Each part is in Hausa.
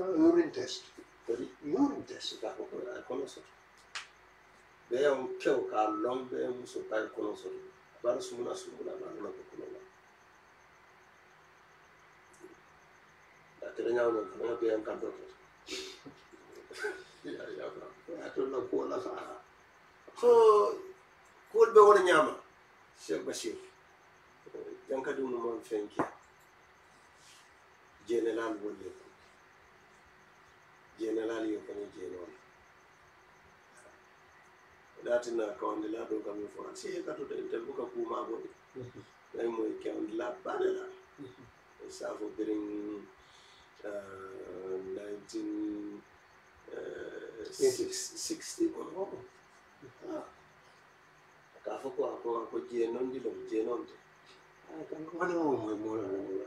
urintest. n urintest n d a fɔ ko a ye kɔnɔ s ɔ o ɔ bɛɛ y'o kɛ o k'a l o m bɛɛ muso ta ye kɔnɔ s ɔ r b a r a sumuna sumuna a b'a lɔn ko kɔnɔ la a kɛra ɲaw na fana bɛ yan ka dɔ kɛ a to na ko la sa s o ko bɛ wari ɲama sɛ basir jankadiw ma f e n kɛ g e n ɛ l a n wele jeenalaal yo kaŋ jeenoo la datina kawandila ɗo kam mi fora si ka tota intel buka kuma bo de nay moy kawandila bane la e safo birin 1960 ka fo ko ako ako jeenondilom jeenonde kan ko wani mo moy mola mola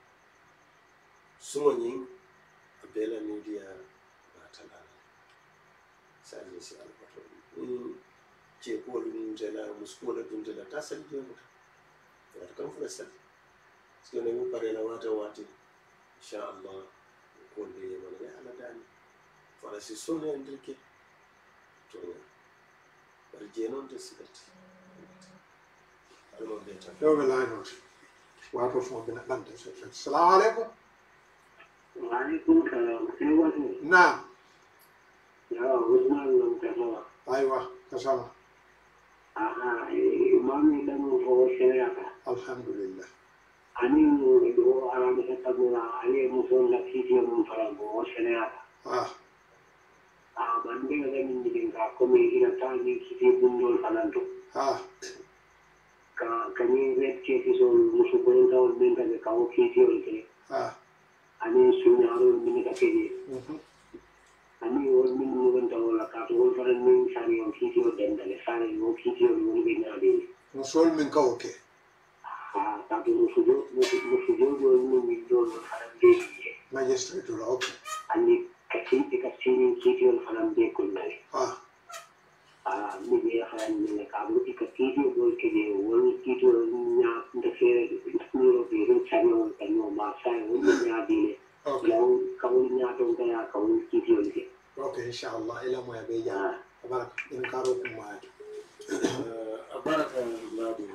Sumo ñiŋ a bee la niidiyaa naata sajinsi albato ɗum ceekuwolu ɗum tela muskuwola ɗum tela ta sali jomuta fula sali so nemi parela wata wati inchallah kolde yemana ya ala fala si sone andirke toña bara jeenon te sigati alma mbiyata ɗowɓe laanoote wato fo mbina ɗamde salamu aleykum نعم يا عثمان لم تصل أيوة تصل آه إمامي لم يصل الشريعة الحمد لله أنا أدعو على مسكة من علي مصر لكي من فرق وشريعة آه آه من دي غير من دي غير كمي إلى تاني كي من دول فلانتو آه كمي غير كي في سول مصر بنتا ومنتا لكاو كي تيولي آه ani suñaaru mini ka kedi ani wol min mugen tawo la ka to wol fara min sari on sitio dendale sari wo sitio wol be naabe no sol min ka oke ha ta to no sujo no no sujo yo no mi do no fara de magistratura oke ani ka tin ka tin sitio fara de ko nale ah mwenyewe nimekaburi katibu bolke ne wani kitu nya ndase nuro biro chano kano masa wani nya dile yau kawun nya don ga kawun kitu ne okay inshallah ila mu ya beja abarak in karo kuma abarak ladu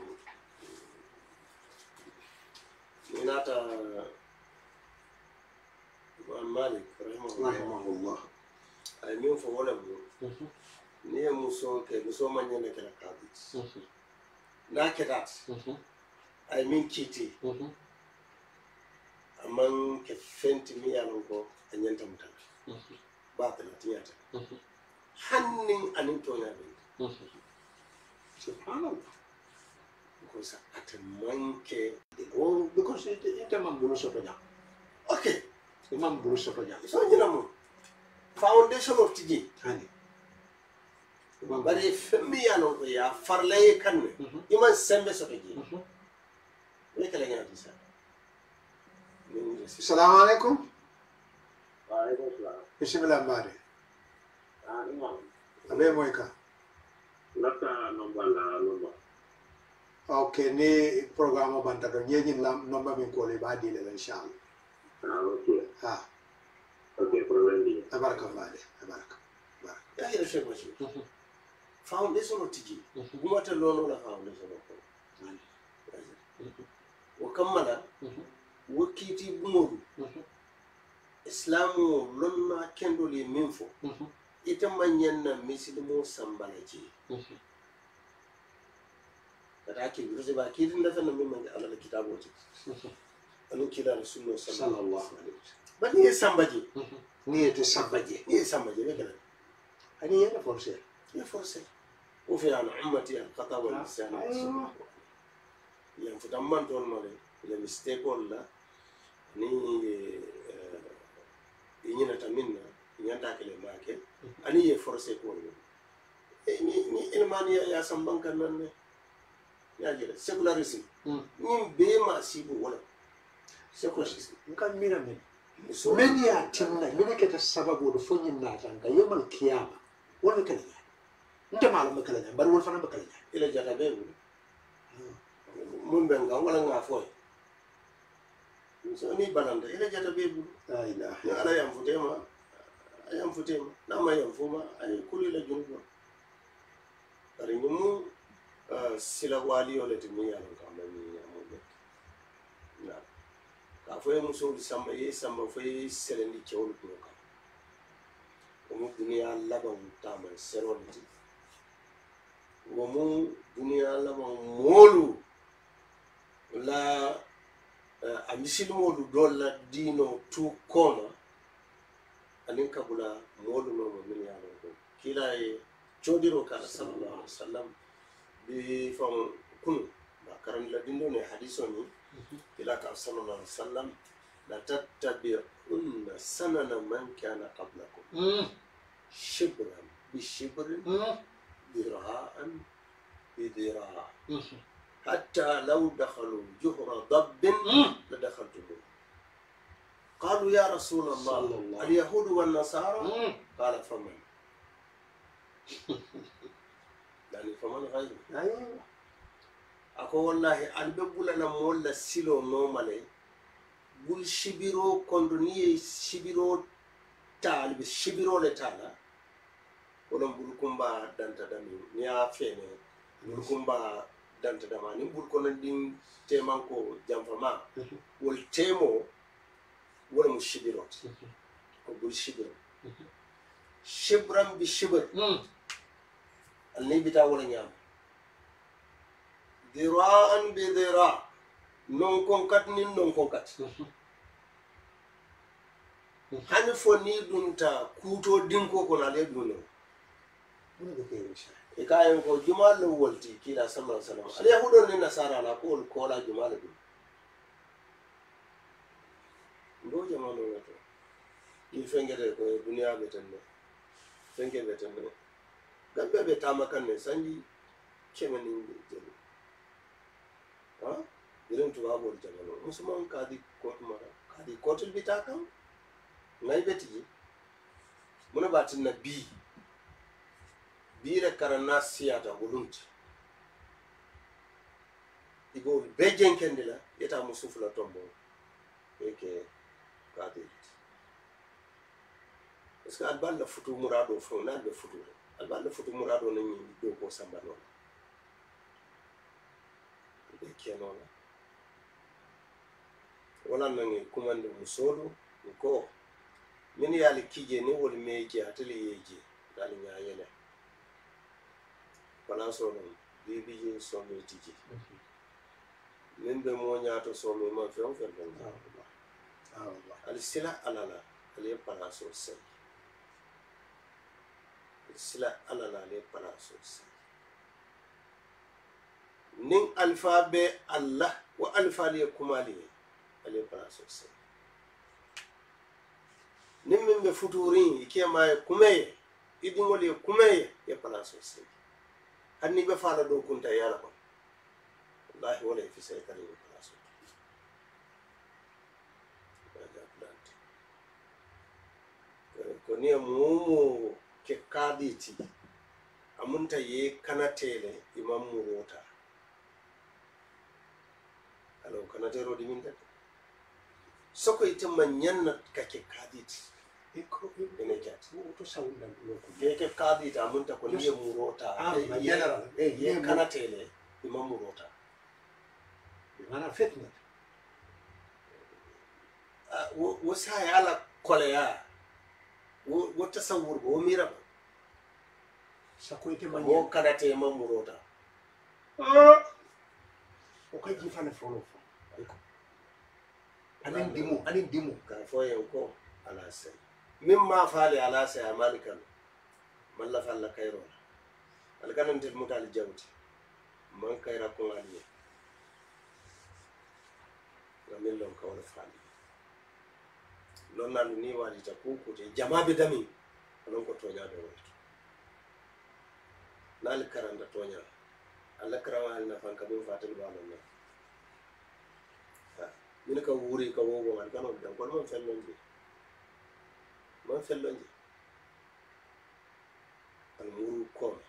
inata malik rahimahullah rahimahullah ay min fa wala bu n'i ye muso kɛ muso ma ɲɛ ne kɛra k'a di mhm. n'a kɛra mhm. mhm. a ye min ci ten a man kɛ fɛn ti min y'a lɔn kɔ a ɲɛ tamu ta b'a tɛmɛ ti y'a ta hali ni ani tɔnya bɛ subhanahu because a tɛ man kɛ o because i tɛ man bolo sɔrɔ ɲa ok i man bolo sɔrɔ ɲa sɔn ɲɛna foundation of tigi ani bari fɛn min y'a nɔ ye a farilaya i ka nin i ma sɛn bɛ sɔrɔ i ye ne kɛlɛ kɛ sisan. salaamu aleykum. waaleykum salaam. bisimila maare. aa i a bɛ mɔ i kan. n ka nɔnba la nɔnba. ok ni programme banta dɔ n ye ɲin la nɔnba min kɔli i inshallah. aa ok. ha. Ah. ok problème bi. abaraka maare abaraka. abaraka. yaa yɛrɛ fɛ foundation o tigi gumata lono la foundation o kono wo kammala wo kiiti buŋolu islamu lonna kendol ye min fo ita manyan na misilimo sambala je kata ake birzi ba kiitin dafa na min manke alala kitabo ti mm-hmm. anu kira rasulullah sallallahu alaihi wasallam ba ni ye sambaje mm-hmm. ni ye to sambaje ni ye sambaje ne kana ani yana forcer ye forcer وفي عن أمتي الخطأ والنسيان والسماح يعني فتمن تون مالي يعني مستيك ولا ni iñinata min na ñantakele maake ani ye forcé kuwol mum ni ilmaniya ya sambanka nanne yajira sécularisme ñin bee ma siibu wala sécularisme nkan mina men min ya tinna mine keta sababuɗo fo ñin natanka yemal kiyama wona kalaga nte maalo ma kala bari wol fana ma kala ñaan ila jata be wul mun ben ga wala nga foy so ni bananda ila jata be wul la ala yam futema ayam futema na yam fuma ay kuli la jumbo bari ñum sila wali yo le timi yalla ko am ni ñamo be na ka foye musol samba ye samba foye selendi cewol ko ka ko mu duniya laban tamal seroliti womu duniya lama moolu la uh, a misilimolu do la eh, diino tu kono anin kabula moolu nomo min ye lon ko kila ye codiro kala sallallahu alaihi wasallam bi fam kunu ba karam la dindo ne hadiso ni mhm. kila ka sallallahu alaihi sallam la tattabir tattabi'unna sanana man kana qablakum mm. shibran bi shibrin mm. ذراعا بذراع حتى لو دخلوا جهر ضب لدخلتموه قالوا يا رسول الله, الله اليهود والنصارى قال فمن يعني فمن غير ايوه اكو والله ان بقول انا مولا سيلو نومالي قول شبيرو كوندوني شبيرو تالب شبيرو لتالا ba danta dantadami ni ya fene bulukumba dantadama ni bulukono ɗin temanko janfama mhm. wol temo wona mo sibirot mhm. ko bul sibiro sibran bi sibir mhm. alni ta wala nyam diraan bi dira non kat ni non kon kat fo ni dunta ta dinko ko na le dunno e kayan ko jumalle wolti kiila sallah sallam alyahudol ni nasara ala ko won koola jumala ɗum ndo jamano woto ɗi fengete ko duniya ɓe tenne fenke ɓe tenne gambe ɓe tama kanne sanji keme ni jeni a irin tubabol jamano musuman kadi kotumara kadi kotul bita kam nayi ɓe tigi muna batinna bii biira karanna siyata wolunti igo be jenkendi la yeta musufula tombo eke kadiriti parce que albal la futu murado fo na be futu albal la futu murado na ni do ko samba non be keno la wala na ni kumande musolu ko min yaali kije ni wol meje atali yeje dal ñaa yele fana somi bibijin somi tiji min be moñaato somi man feŋ feŋ ɓen ali sila ala la ali ye palaso sayi ali sila ala la ale ye palaso sayi niŋ alifa bɛ a la wo alifa ali ye kumaali ye ale ye palaso sayi niŋ min bɛ be futuriŋ i ke maa ye kume ye i diŋolu ye kume ye i ye palaso sayi hanni fa faala dokun ta ya kon wallahi sai e fisay kañum place ko ni mu ke kaaɗiti amunta ye tele imam mu wota alaw kanatero ɗimin tati soko itemma ñannat kake ti to sawundan ɗuloku jeke kaadita munta ko niye murota général ah, eh, ye kanatele ima murota mana fitna ah, wo la ala wo mirama wo ma murota ah! o folo anin yen ko ala مما فعل على سيعمال كان من لفعل كيرو الكان انت المتع الجوت من كيرا كون عليه ومن لهم كون فعل لون نالو ني والي تكوكو تي جما بدمي لون كو توجا دو نال كران دا توجا الله كرام هل نفان كبير فاتل بالون من كوري كبو وان كانوا دان كل من فنن بيه man fello je almuru koome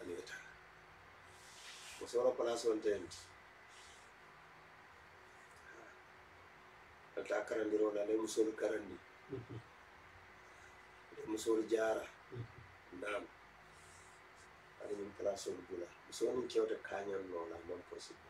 aliweta o soro place on tenti alta karandiroɗa ala musolu karandi ade musolu jara nam aɗa min place ol bula musonin kewta kañannola man possible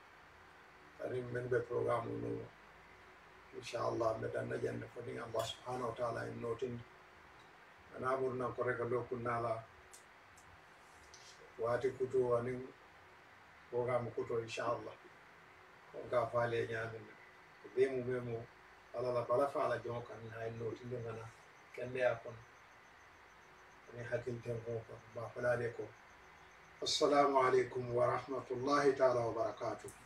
arin men ɓe programme nu inchallah mbeɗanna ƴande foti allah subhanahu wa taala en notinde ana ɓurnan ko rega lokkunnala waati kuto anin programme kuto inchallah on ga faali e ko ɓe mu ɓe mu alala bala faala jon kan ha en notinde mana kendeya kono ani hakkilten kon ko mba falaade ko assalamu aleykum wa rahmatullahi taala wa barakatuh